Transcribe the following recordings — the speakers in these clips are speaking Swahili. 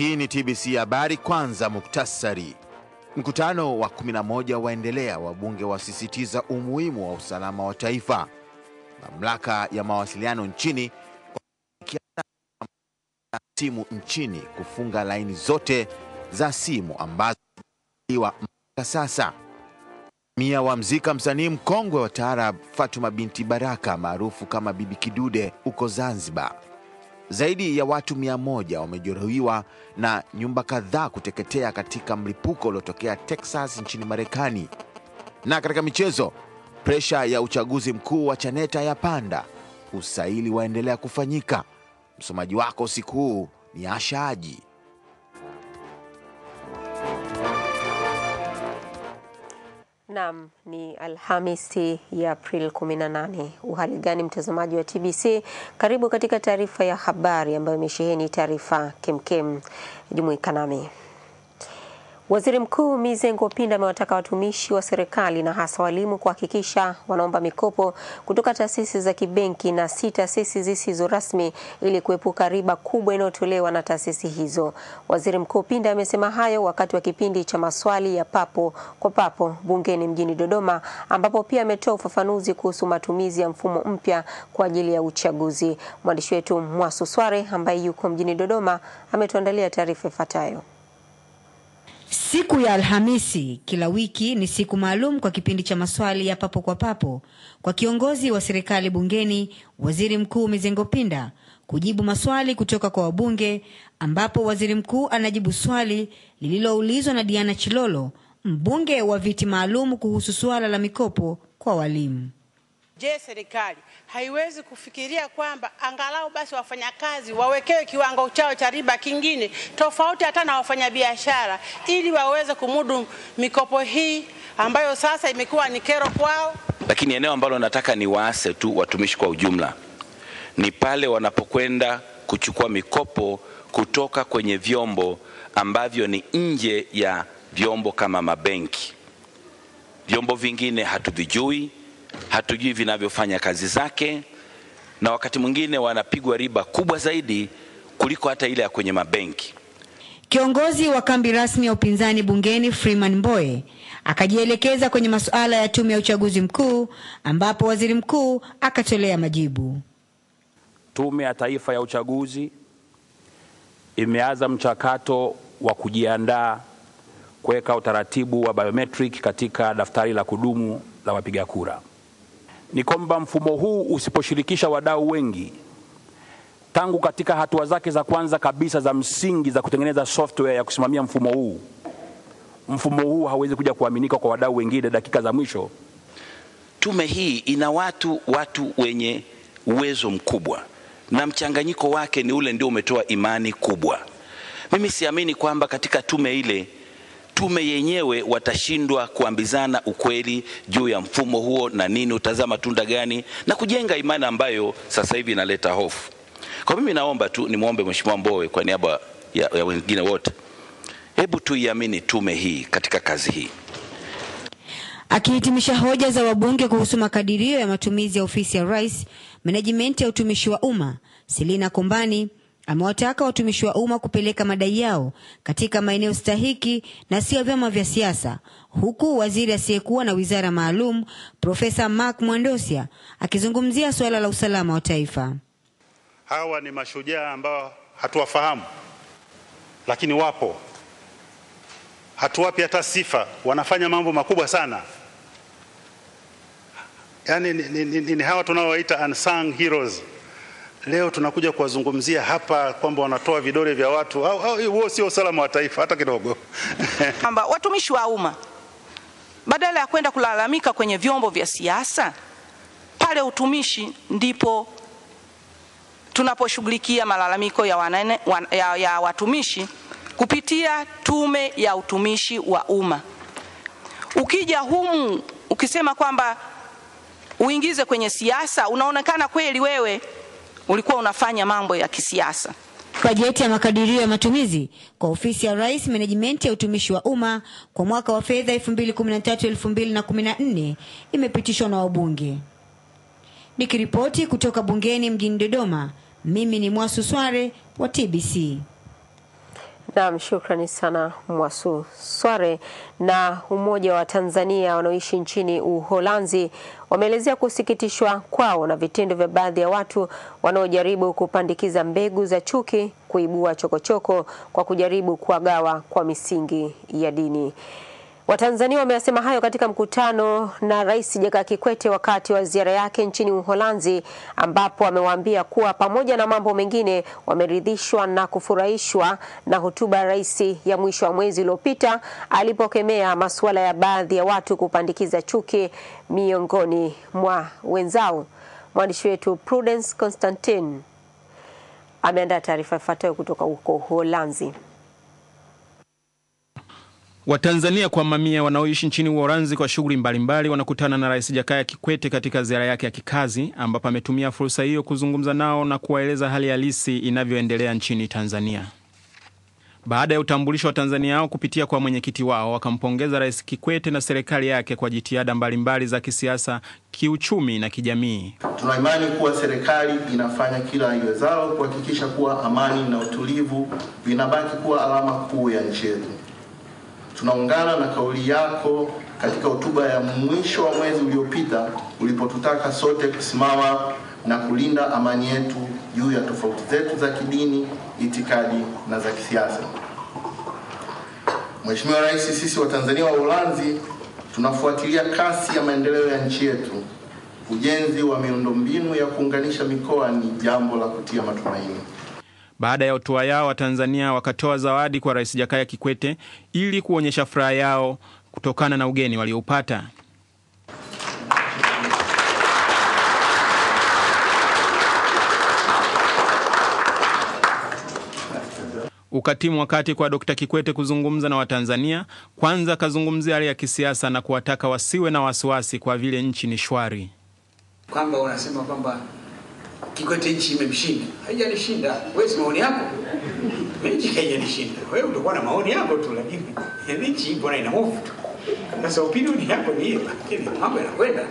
Hii ni TBC habari. Kwanza muktasari. Mkutano wa 11 waendelea, wabunge wasisitiza umuhimu wa usalama wa taifa. Mamlaka ya mawasiliano nchini simu nchini kufunga laini zote za simu ambazo iwa mpaka sasa. Mia wa mzika msanii mkongwe wa taarab Fatuma binti Baraka maarufu kama Bibi Kidude huko Zanzibar. Zaidi ya watu mia moja wamejeruhiwa na nyumba kadhaa kuteketea katika mlipuko uliotokea Texas nchini Marekani. Na katika michezo, presha ya uchaguzi mkuu wa Chaneta yapanda, usaili waendelea kufanyika. Msomaji wako siku huu ni ashaji Naam, ni Alhamisi ya April 18. Uhali gani mtazamaji wa TBC? Karibu katika taarifa ya habari ambayo imesheheni taarifa kemkem. Jumuika nami. Waziri Mkuu Mizengo Pinda amewataka watumishi wa serikali na hasa walimu kuhakikisha wanaomba mikopo kutoka taasisi za kibenki na si taasisi zisizo rasmi ili kuepuka riba kubwa inayotolewa na taasisi hizo. Waziri Mkuu Pinda amesema hayo wakati wa kipindi cha maswali ya papo kwa papo bungeni mjini Dodoma, ambapo pia ametoa ufafanuzi kuhusu matumizi ya mfumo mpya kwa ajili ya uchaguzi. Mwandishi wetu Mwasu Sware ambaye yuko mjini Dodoma ametuandalia taarifa ifuatayo. Siku ya Alhamisi kila wiki ni siku maalum kwa kipindi cha maswali ya papo kwa papo kwa kiongozi wa serikali bungeni, Waziri Mkuu Mizengo Pinda kujibu maswali kutoka kwa wabunge, ambapo waziri mkuu anajibu swali lililoulizwa na Diana Chilolo, mbunge wa viti maalum kuhusu suala la mikopo kwa walimu. Je, serikali haiwezi kufikiria kwamba angalau basi wafanyakazi wawekewe kiwango chao cha riba kingine tofauti hata na wafanyabiashara, ili waweze kumudu mikopo hii ambayo sasa imekuwa ni kero kwao? Lakini eneo ambalo nataka ni waase tu watumishi kwa ujumla ni pale wanapokwenda kuchukua mikopo kutoka kwenye vyombo ambavyo ni nje ya vyombo kama mabenki. Vyombo vingine hatuvijui hatujui vinavyofanya kazi zake, na wakati mwingine wanapigwa riba kubwa zaidi kuliko hata ile ya kwenye mabenki. Kiongozi wa kambi rasmi ya upinzani bungeni Freeman Mbowe akajielekeza kwenye masuala ya tume ya uchaguzi mkuu ambapo waziri mkuu akatolea majibu. Tume ya Taifa ya Uchaguzi imeanza mchakato wa kujiandaa kuweka utaratibu wa biometric katika daftari la kudumu la wapiga kura ni kwamba mfumo huu usiposhirikisha wadau wengi tangu katika hatua zake za kwanza kabisa za msingi za kutengeneza software ya kusimamia mfumo huu, mfumo huu hawezi kuja kuaminika kwa wadau wengine dakika za mwisho. Tume hii ina watu watu wenye uwezo mkubwa, na mchanganyiko wake ni ule ndio umetoa imani kubwa. Mimi siamini kwamba katika tume ile tume yenyewe watashindwa kuambizana ukweli juu ya mfumo huo na nini utazaa matunda gani na kujenga imani ambayo sasa hivi inaleta hofu. Kwa mimi naomba tu nimwombe Mheshimiwa Mbowe kwa niaba ya, ya wengine wote, hebu tuiamini tume hii katika kazi hii. Akihitimisha hoja za wabunge kuhusu makadirio ya matumizi ya ofisi ya Rais, menejimenti ya utumishi wa umma, Selina Kombani amewataka watumishi wa umma kupeleka madai yao katika maeneo stahiki na sio vyama vya siasa, huku waziri asiyekuwa na wizara maalum Profesa Mark Mwandosia akizungumzia suala la usalama wa taifa. Hawa ni mashujaa ambao hatuwafahamu, lakini wapo, hatuwapi hata sifa, wanafanya mambo makubwa sana. Yaani ni, ni, ni, ni hawa tunaowaita unsung heroes leo tunakuja kuwazungumzia hapa kwamba wanatoa vidole vya watu au, huo sio usalama wa taifa hata kidogo. Kwamba watumishi wa umma badala ya kwenda kulalamika kwenye vyombo vya siasa, pale utumishi ndipo tunaposhughulikia malalamiko ya, wanane, ya, ya watumishi kupitia Tume ya Utumishi wa Umma. Ukija humu ukisema kwamba uingize kwenye siasa, unaonekana kweli wewe ulikuwa unafanya mambo ya kisiasa. Bajeti ya makadirio ya matumizi kwa ofisi ya Rais menejimenti ya utumishi wa umma kwa mwaka wa fedha 2013 2014 imepitishwa na wabunge. Nikiripoti kutoka bungeni mjini Dodoma, mimi ni Mwasu Sware wa TBC. Naam, shukrani sana Mwasu Sware. Na Umoja wa Tanzania wanaoishi nchini Uholanzi wameelezea kusikitishwa kwao na vitendo vya baadhi ya watu wanaojaribu kupandikiza mbegu za chuki, kuibua chokochoko choko kwa kujaribu kuwagawa kwa misingi ya dini. Watanzania wameyasema hayo katika mkutano na Rais Jakaya Kikwete wakati wa ziara yake nchini Uholanzi, ambapo amewaambia kuwa pamoja na mambo mengine wameridhishwa na kufurahishwa na hotuba ya rais ya mwisho wa mwezi uliopita alipokemea masuala ya baadhi ya watu kupandikiza chuki miongoni mwa wenzao. Mwandishi wetu Prudence Constantine ameandaa taarifa ifuatayo kutoka huko Uholanzi. Watanzania kwa mamia wanaoishi nchini Uholanzi kwa shughuli mbalimbali wanakutana na Rais Jakaya Kikwete katika ziara yake ya kikazi ambapo ametumia fursa hiyo kuzungumza nao na kuwaeleza hali halisi inavyoendelea nchini Tanzania. Baada ya utambulisho wa Tanzania hao kupitia kwa mwenyekiti wao, wakampongeza Rais Kikwete na serikali yake kwa jitihada mbalimbali za kisiasa, kiuchumi na kijamii. Tuna imani kuwa serikali inafanya kila iwezalo kuhakikisha kuwa amani na utulivu vinabaki kuwa alama kuu ya nchi yetu tunaungana na kauli yako katika hotuba ya mwisho wa mwezi uliopita ulipotutaka sote kusimama na kulinda amani yetu juu ya tofauti zetu za kidini, itikadi na za kisiasa. Mheshimiwa Rais, sisi Watanzania wa ulanzi tunafuatilia kasi ya maendeleo ya nchi yetu. Ujenzi wa miundombinu ya kuunganisha mikoa ni jambo la kutia matumaini. Baada ya hotua yao, Watanzania wakatoa zawadi kwa Rais Jakaya Kikwete ili kuonyesha furaha yao kutokana na ugeni walioupata. Ukatimu wakati kwa dokta Kikwete kuzungumza na Watanzania, kwanza akazungumzia hali ya kisiasa na kuwataka wasiwe na wasiwasi kwa vile nchi ni shwari, kwamba unasema kwamba Kikwete nchi imemshinda, haijanishinda. Wewe si maoni yako, nchi haijanishinda. Wewe utakuwa na maoni yako tu, lakini nchi ipo na ina hofu tu. Sasa opinioni yako ni hiyo, lakini mambo yanakwenda.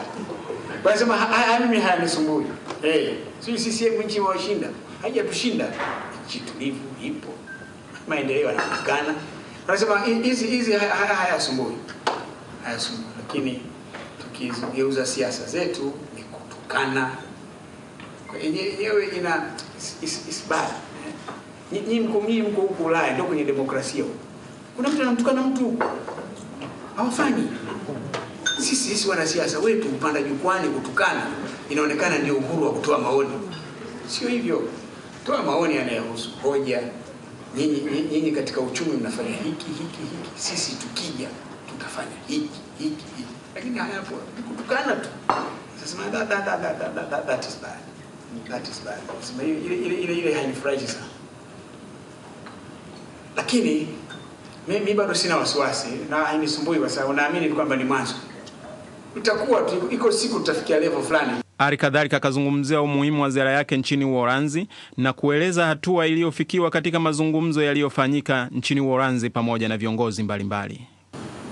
Wanasema haya mimi haya hayanisumbui. Eh, sio CCM nchi washinda, haijatushinda. Nchi tulivu ipo, maendeleo yanaonekana. Wanasema hizi hizi hayasumbui, hayasumbui, lakini tukizigeuza siasa zetu ni kutukana yenyewe ina isbali is, is mko mimi mko huko Ulaya ndio kwenye demokrasia huko. Kuna mtu anamtukana mtu huko hawafanyi. Sisi sisi wanasiasa wetu upanda jukwani kutukana, inaonekana ndio uhuru wa kutoa maoni. Sio hivyo, toa maoni yanayohusu hoja. Nyinyi nyinyi katika uchumi mnafanya hiki hiki hiki, sisi tukija tutafanya hiki hiki hiki, lakini hayapo kutukana tu. Sasa that, da da da da da that is bad mikakati baadhi nasema ile ile ile hainifurahishi sana, lakini mimi bado sina wasiwasi na hainisumbui kwa sababu naamini kwamba ni mwanzo, Itakuwa tu, iko siku tutafikia level fulani. Hali kadhalika akazungumzia umuhimu wa ziara yake nchini Uholanzi na kueleza hatua iliyofikiwa katika mazungumzo yaliyofanyika nchini Uholanzi pamoja na viongozi mbalimbali.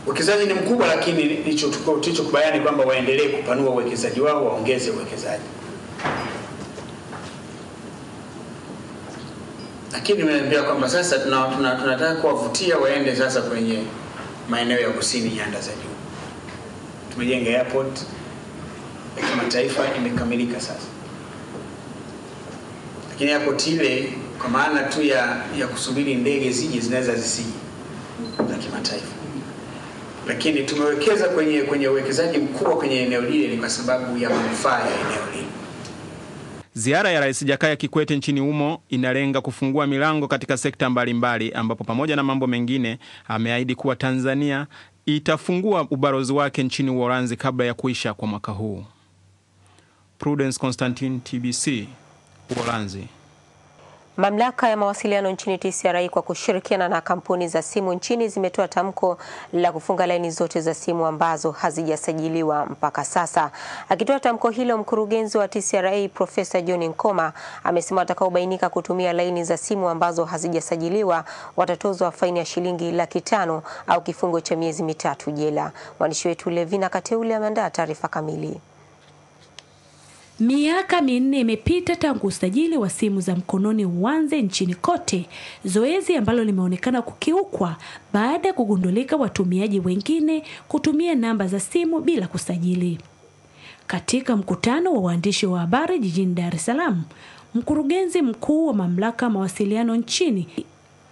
Uwekezaji ni mkubwa, lakini licho tulichokubaliana kwamba waendelee kupanua uwekezaji wao, waongeze uwekezaji lakini nimeambia kwamba sasa tunataka tuna, tuna, kuwavutia waende sasa kwenye maeneo ya kusini nyanda za juu. Tumejenga airport ya kimataifa imekamilika sasa, lakini airport ile kwa maana tu ya, ya kusubiri ndege zije zinaweza zisije za kimataifa, lakini tumewekeza kwenye kwenye uwekezaji mkubwa kwenye eneo lile ni kwa sababu ya manufaa ya eneo lile. Ziara ya Rais Jakaya Kikwete nchini humo inalenga kufungua milango katika sekta mbalimbali mbali, ambapo pamoja na mambo mengine ameahidi kuwa Tanzania itafungua ubalozi wake nchini Uholanzi kabla ya kuisha kwa mwaka huu. Prudence Constantine, TBC, Uholanzi. Mamlaka ya mawasiliano nchini TCRA kwa kushirikiana na kampuni za simu nchini zimetoa tamko la kufunga laini zote za simu ambazo hazijasajiliwa mpaka sasa. Akitoa tamko hilo, mkurugenzi wa TCRA Profesa John Nkoma amesema watakaobainika kutumia laini za simu ambazo hazijasajiliwa watatozwa faini ya shilingi laki tano au kifungo cha miezi mitatu jela. Mwandishi wetu Levina Kateule ameandaa taarifa kamili. Miaka minne imepita tangu usajili wa simu za mkononi uanze nchini kote, zoezi ambalo limeonekana kukiukwa baada ya kugundulika watumiaji wengine kutumia namba za simu bila kusajili. Katika mkutano wa waandishi wa habari jijini Dar es Salaam, mkurugenzi mkuu wa mamlaka mawasiliano nchini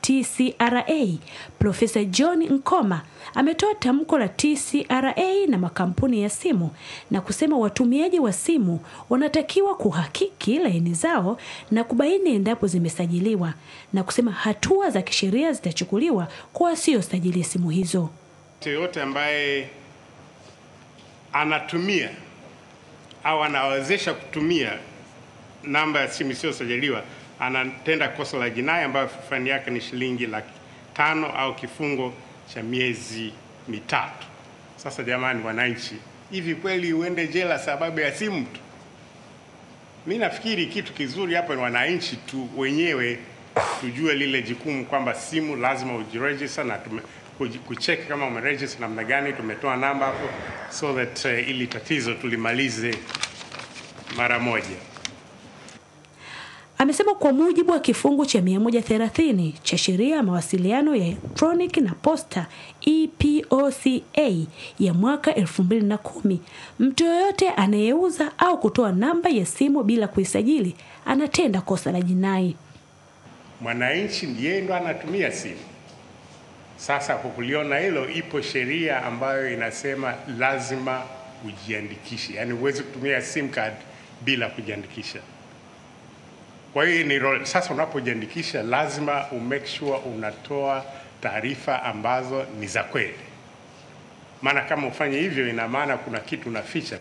TCRA Profesa John Nkoma ametoa tamko la TCRA na makampuni ya simu na kusema watumiaji wa simu wanatakiwa kuhakiki laini zao na kubaini endapo zimesajiliwa na kusema hatua za kisheria zitachukuliwa kwa wasiosajili simu hizo. Yoyote ambaye anatumia au anawezesha kutumia namba ya simu isiyosajiliwa anatenda kosa la jinai ambayo faini yake ni shilingi laki tano au kifungo cha miezi mitatu. Sasa jamani, wananchi, hivi kweli uende jela sababu ya simu tu? Mi nafikiri kitu kizuri hapa ni wananchi tu wenyewe tujue lile jukumu kwamba simu lazima ujiregister na tume, kucheki kama umeregister namna gani. Tumetoa namba hapo so that uh, ili tatizo tulimalize mara moja. Amesema kwa mujibu wa kifungu cha 130 cha sheria ya mawasiliano ya electronic na posta EPOCA ya mwaka 2010, mtu yoyote anayeuza au kutoa namba ya simu bila kuisajili anatenda kosa la jinai. Mwananchi ndiye ndo anatumia simu. Sasa kwa kuliona hilo, ipo sheria ambayo inasema lazima ujiandikishe, yaani huwezi kutumia sim card bila kujiandikisha. Kwa hiyo ni role sasa, unapojiandikisha lazima umake sure unatoa taarifa ambazo ni za kweli, maana kama ufanye hivyo, ina maana kuna kitu unaficha.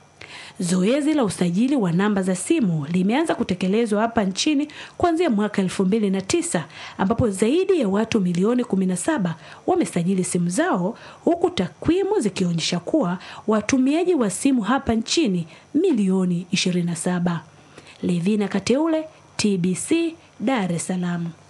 Zoezi la usajili wa namba za simu limeanza kutekelezwa hapa nchini kuanzia mwaka 2009 ambapo zaidi ya watu milioni 17 wamesajili simu zao, huku takwimu zikionyesha kuwa watumiaji wa simu hapa nchini milioni 27. Levina Kateule TBC, Dar es Salaam.